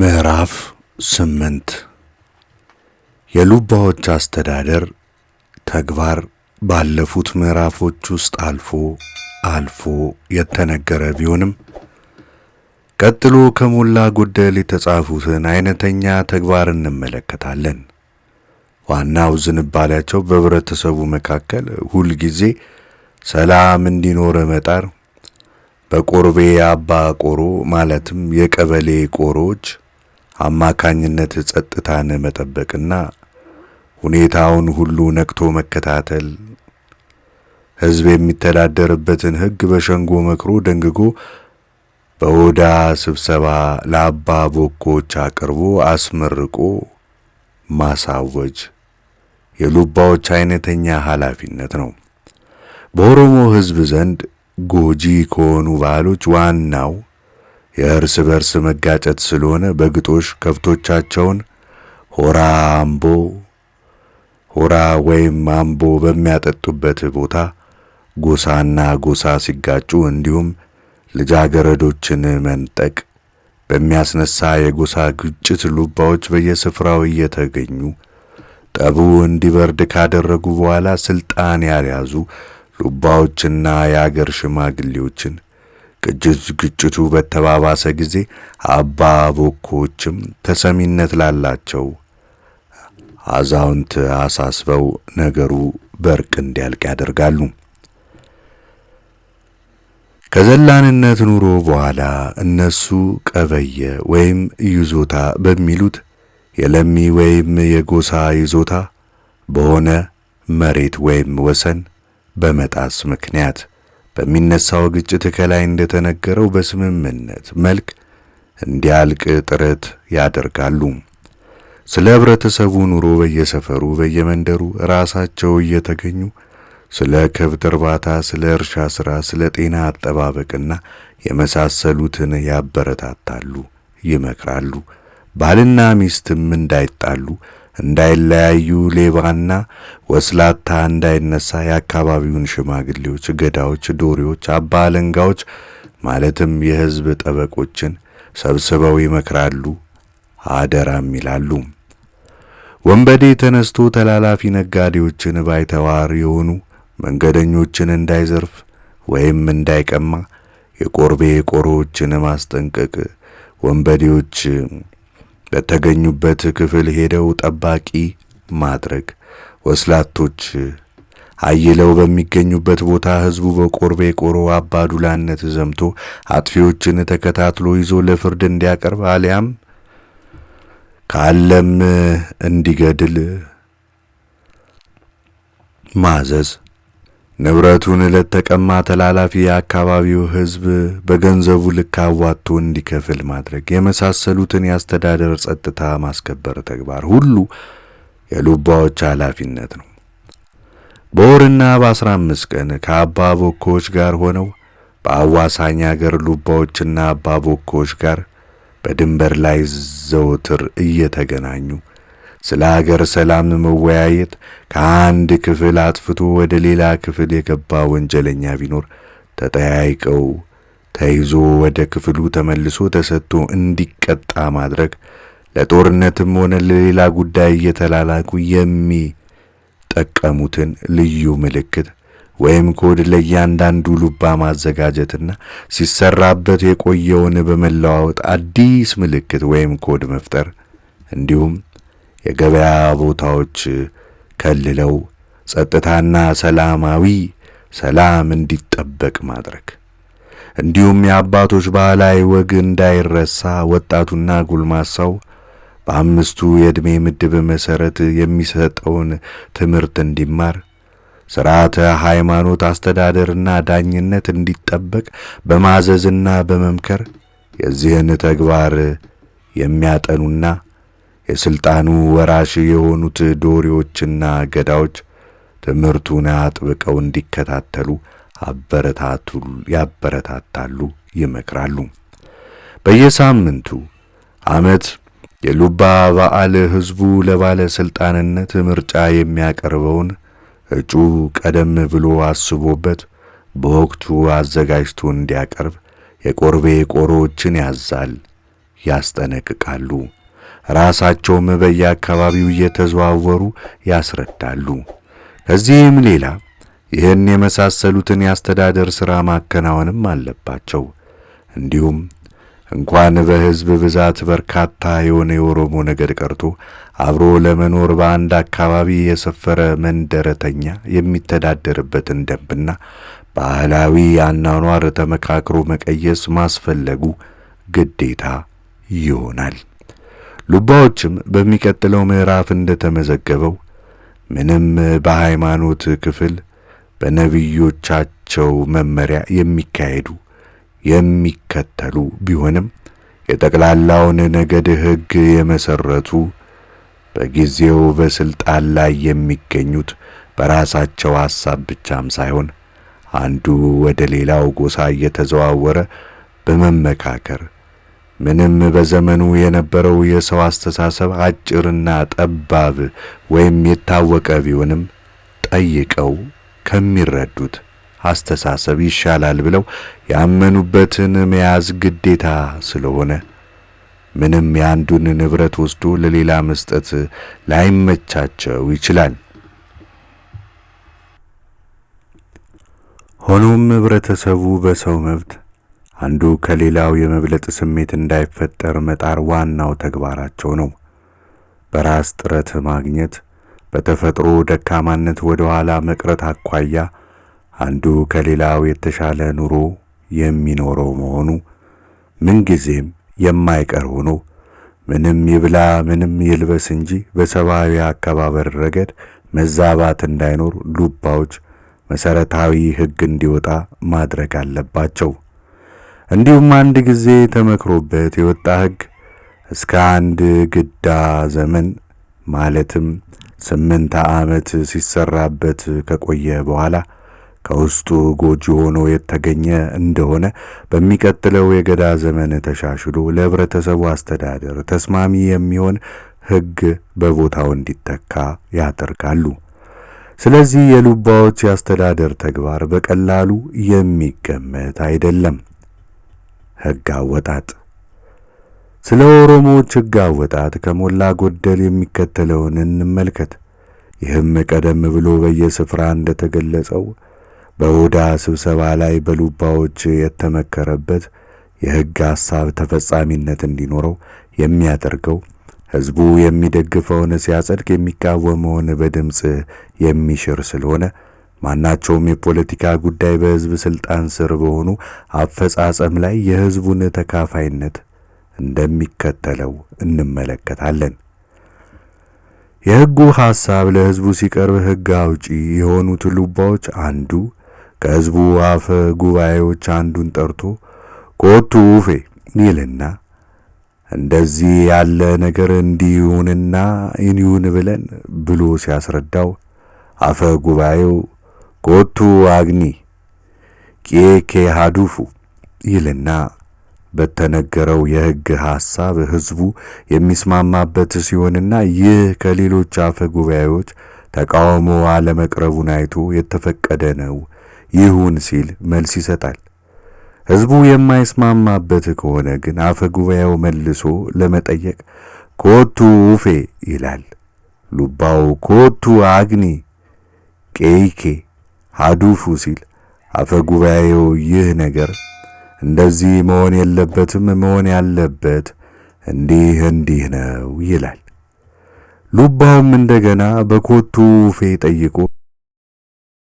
ምዕራፍ ስምንት የሉባዎች አስተዳደር ተግባር ባለፉት ምዕራፎች ውስጥ አልፎ አልፎ የተነገረ ቢሆንም ቀጥሎ ከሞላ ጎደል የተጻፉትን አይነተኛ ተግባር እንመለከታለን። ዋናው ዝንባሌያቸው በህብረተሰቡ መካከል ሁልጊዜ ሰላም እንዲኖር መጣር በቆርቤ የአባ ቆሮ ማለትም የቀበሌ ቆሮዎች አማካኝነት ጸጥታን መጠበቅና ሁኔታውን ሁሉ ነቅቶ መከታተል ሕዝብ የሚተዳደርበትን ሕግ በሸንጎ መክሮ ደንግጎ በወዳ ስብሰባ ለአባ ቦኮች አቅርቦ አስመርቆ ማሳወጅ የሉባዎች አይነተኛ ኃላፊነት ነው። በኦሮሞ ሕዝብ ዘንድ ጎጂ ከሆኑ ባህሎች ዋናው የእርስ በርስ መጋጨት ስለሆነ በግጦሽ ከብቶቻቸውን ሆራ አምቦ ሆራ ወይም አምቦ በሚያጠጡበት ቦታ ጎሳና ጎሳ ሲጋጩ እንዲሁም ልጃገረዶችን መንጠቅ በሚያስነሳ የጎሳ ግጭት ሉባዎች በየስፍራው እየተገኙ ጠቡ እንዲበርድ ካደረጉ በኋላ ስልጣን ያልያዙ ሉባዎችና የአገር ሽማግሌዎችን ግጭት ግጭቱ በተባባሰ ጊዜ አባ ቦኮዎችም ተሰሚነት ላላቸው አዛውንት አሳስበው ነገሩ በርቅ እንዲያልቅ ያደርጋሉ። ከዘላንነት ኑሮ በኋላ እነሱ ቀበየ ወይም ይዞታ በሚሉት የለሚ ወይም የጎሳ ይዞታ በሆነ መሬት ወይም ወሰን በመጣስ ምክንያት በሚነሳው ግጭት ከላይ እንደተነገረው በስምምነት መልክ እንዲያልቅ ጥረት ያደርጋሉ። ስለ ህብረተሰቡ ኑሮ በየሰፈሩ በየመንደሩ ራሳቸው እየተገኙ ስለ ከብት እርባታ፣ ስለ እርሻ ሥራ፣ ስለ ጤና አጠባበቅና የመሳሰሉትን ያበረታታሉ፣ ይመክራሉ። ባልና ሚስትም እንዳይጣሉ እንዳይለያዩ ሌባና ወስላታ እንዳይነሳ የአካባቢውን ሽማግሌዎች፣ ገዳዎች፣ ዶሪዎች፣ አባ አለንጋዎች ማለትም የሕዝብ ጠበቆችን ሰብስበው ይመክራሉ፣ አደራም ይላሉ። ወንበዴ ተነስቶ ተላላፊ ነጋዴዎችን ባይተዋር የሆኑ መንገደኞችን እንዳይዘርፍ ወይም እንዳይቀማ የቆርቤ ቆሮዎችን ማስጠንቀቅ ወንበዴዎች በተገኙበት ክፍል ሄደው ጠባቂ ማድረግ ወስላቶች አይለው በሚገኙበት ቦታ ህዝቡ በቆርቤ ቆሮ አባዱላነት ዘምቶ አጥፊዎችን ተከታትሎ ይዞ ለፍርድ እንዲያቀርብ አሊያም ካለም እንዲገድል ማዘዝ ንብረቱን ለተቀማ ተላላፊ የአካባቢው ሕዝብ በገንዘቡ ልክ አዋጥቶ እንዲከፍል ማድረግ የመሳሰሉትን የአስተዳደር ጸጥታ ማስከበር ተግባር ሁሉ የሉባዎች ኃላፊነት ነው። በወርና በአስራ አምስት ቀን ከአባ ቦኮዎች ጋር ሆነው በአዋሳኝ አገር ሉባዎችና አባ ቦኮዎች ጋር በድንበር ላይ ዘወትር እየተገናኙ ስለ አገር ሰላም መወያየት ከአንድ ክፍል አጥፍቶ ወደ ሌላ ክፍል የገባ ወንጀለኛ ቢኖር ተጠያይቀው ተይዞ ወደ ክፍሉ ተመልሶ ተሰጥቶ እንዲቀጣ ማድረግ ለጦርነትም ሆነ ለሌላ ጉዳይ እየተላላኩ የሚጠቀሙትን ልዩ ምልክት ወይም ኮድ ለእያንዳንዱ ሉባ ማዘጋጀትና ሲሰራበት የቆየውን በመለዋወጥ አዲስ ምልክት ወይም ኮድ መፍጠር እንዲሁም የገበያ ቦታዎች ከልለው ጸጥታና ሰላማዊ ሰላም እንዲጠበቅ ማድረግ እንዲሁም የአባቶች ባህላዊ ወግ እንዳይረሳ ወጣቱና ጎልማሳው በአምስቱ የዕድሜ ምድብ መሠረት የሚሰጠውን ትምህርት እንዲማር ሥርዓተ ሃይማኖት፣ አስተዳደርና ዳኝነት እንዲጠበቅ በማዘዝና በመምከር የዚህን ተግባር የሚያጠኑና የሥልጣኑ ወራሽ የሆኑት ዶሪዎችና ገዳዎች ትምህርቱን አጥብቀው እንዲከታተሉ ያበረታታሉ፣ ይመክራሉ። በየሳምንቱ ዓመት የሉባ በዓል ሕዝቡ ለባለ ሥልጣንነት ምርጫ የሚያቀርበውን እጩ ቀደም ብሎ አስቦበት በወቅቱ አዘጋጅቶ እንዲያቀርብ የቆርቤ ቆሮዎችን ያዛል፣ ያስጠነቅቃሉ። ራሳቸውም በየአካባቢው እየተዘዋወሩ ያስረዳሉ። ከዚህም ሌላ ይህን የመሳሰሉትን የአስተዳደር ሥራ ማከናወንም አለባቸው። እንዲሁም እንኳን በሕዝብ ብዛት በርካታ የሆነ የኦሮሞ ነገድ ቀርቶ አብሮ ለመኖር በአንድ አካባቢ የሰፈረ መንደረተኛ የሚተዳደርበትን ደንብና ባህላዊ አኗኗር ተመካክሮ መቀየስ ማስፈለጉ ግዴታ ይሆናል። ሉባዎችም በሚቀጥለው ምዕራፍ እንደተመዘገበው ምንም በሃይማኖት ክፍል በነቢዮቻቸው መመሪያ የሚካሄዱ የሚከተሉ ቢሆንም የጠቅላላውን ነገድ ሕግ የመሰረቱ በጊዜው በስልጣን ላይ የሚገኙት በራሳቸው ሐሳብ ብቻም ሳይሆን አንዱ ወደ ሌላው ጎሳ እየተዘዋወረ በመመካከር ምንም በዘመኑ የነበረው የሰው አስተሳሰብ አጭርና ጠባብ ወይም የታወቀ ቢሆንም ጠይቀው ከሚረዱት አስተሳሰብ ይሻላል ብለው ያመኑበትን መያዝ ግዴታ ስለሆነ ምንም የአንዱን ንብረት ወስዶ ለሌላ መስጠት ላይመቻቸው ይችላል። ሆኖም ህብረተሰቡ በሰው መብት አንዱ ከሌላው የመብለጥ ስሜት እንዳይፈጠር መጣር ዋናው ተግባራቸው ነው። በራስ ጥረት ማግኘት፣ በተፈጥሮ ደካማነት ወደ ኋላ መቅረት አኳያ አንዱ ከሌላው የተሻለ ኑሮ የሚኖረው መሆኑ ምንጊዜም የማይቀር ሆኖ ምንም ይብላ ምንም ይልበስ እንጂ በሰብአዊ አከባበር ረገድ መዛባት እንዳይኖር ሉባዎች መሰረታዊ ሕግ እንዲወጣ ማድረግ አለባቸው። እንዲሁም አንድ ጊዜ ተመክሮበት የወጣ ሕግ እስከ አንድ ግዳ ዘመን ማለትም ስምንት ዓመት ሲሰራበት ከቆየ በኋላ ከውስጡ ጎጂ ሆኖ የተገኘ እንደሆነ በሚቀጥለው የገዳ ዘመን ተሻሽሎ ለህብረተሰቡ አስተዳደር ተስማሚ የሚሆን ህግ በቦታው እንዲተካ ያደርጋሉ። ስለዚህ የሉባዎች የአስተዳደር ተግባር በቀላሉ የሚገመት አይደለም። ሕግ አወጣጥ ስለ ኦሮሞዎች ሕግ አወጣጥ ከሞላ ጎደል የሚከተለውን እንመልከት። ይህም ቀደም ብሎ በየስፍራ እንደተገለጸው በውዳ ስብሰባ ላይ በሉባዎች የተመከረበት የሕግ ሐሳብ ተፈጻሚነት እንዲኖረው የሚያደርገው ሕዝቡ የሚደግፈውን ሲያጸድቅ የሚቃወመውን በድምፅ የሚሽር ስለሆነ ማናቸውም የፖለቲካ ጉዳይ በሕዝብ ሥልጣን ስር በሆኑ አፈጻጸም ላይ የሕዝቡን ተካፋይነት እንደሚከተለው እንመለከታለን። የሕጉ ሐሳብ ለሕዝቡ ሲቀርብ ሕግ አውጪ የሆኑት ሉባዎች አንዱ ከሕዝቡ አፈ ጉባኤዎች አንዱን ጠርቶ ኮቱ ውፌ ይልና እንደዚህ ያለ ነገር እንዲሁንና ይንዩን ብለን ብሎ ሲያስረዳው አፈ ጉባኤው ኮቱ አግኒ ቄኬ ሃዱፉ ይልና በተነገረው የሕግ ሐሳብ ሕዝቡ የሚስማማበት ሲሆንና ይህ ከሌሎች አፈ ጉባኤዎች ተቃውሞ አለመቅረቡን አይቶ የተፈቀደ ነው ይሁን ሲል መልስ ይሰጣል። ሕዝቡ የማይስማማበት ከሆነ ግን አፈ ጉባኤው መልሶ ለመጠየቅ ኮቱ ውፌ ይላል። ሉባው ኮቱ አግኒ ቄይኬ አዱፉ ሲል አፈ ጉባኤው ይህ ነገር እንደዚህ መሆን የለበትም፣ መሆን ያለበት እንዲህ እንዲህ ነው ይላል። ሉባውም እንደገና በኮቱ ፌ ጠይቆ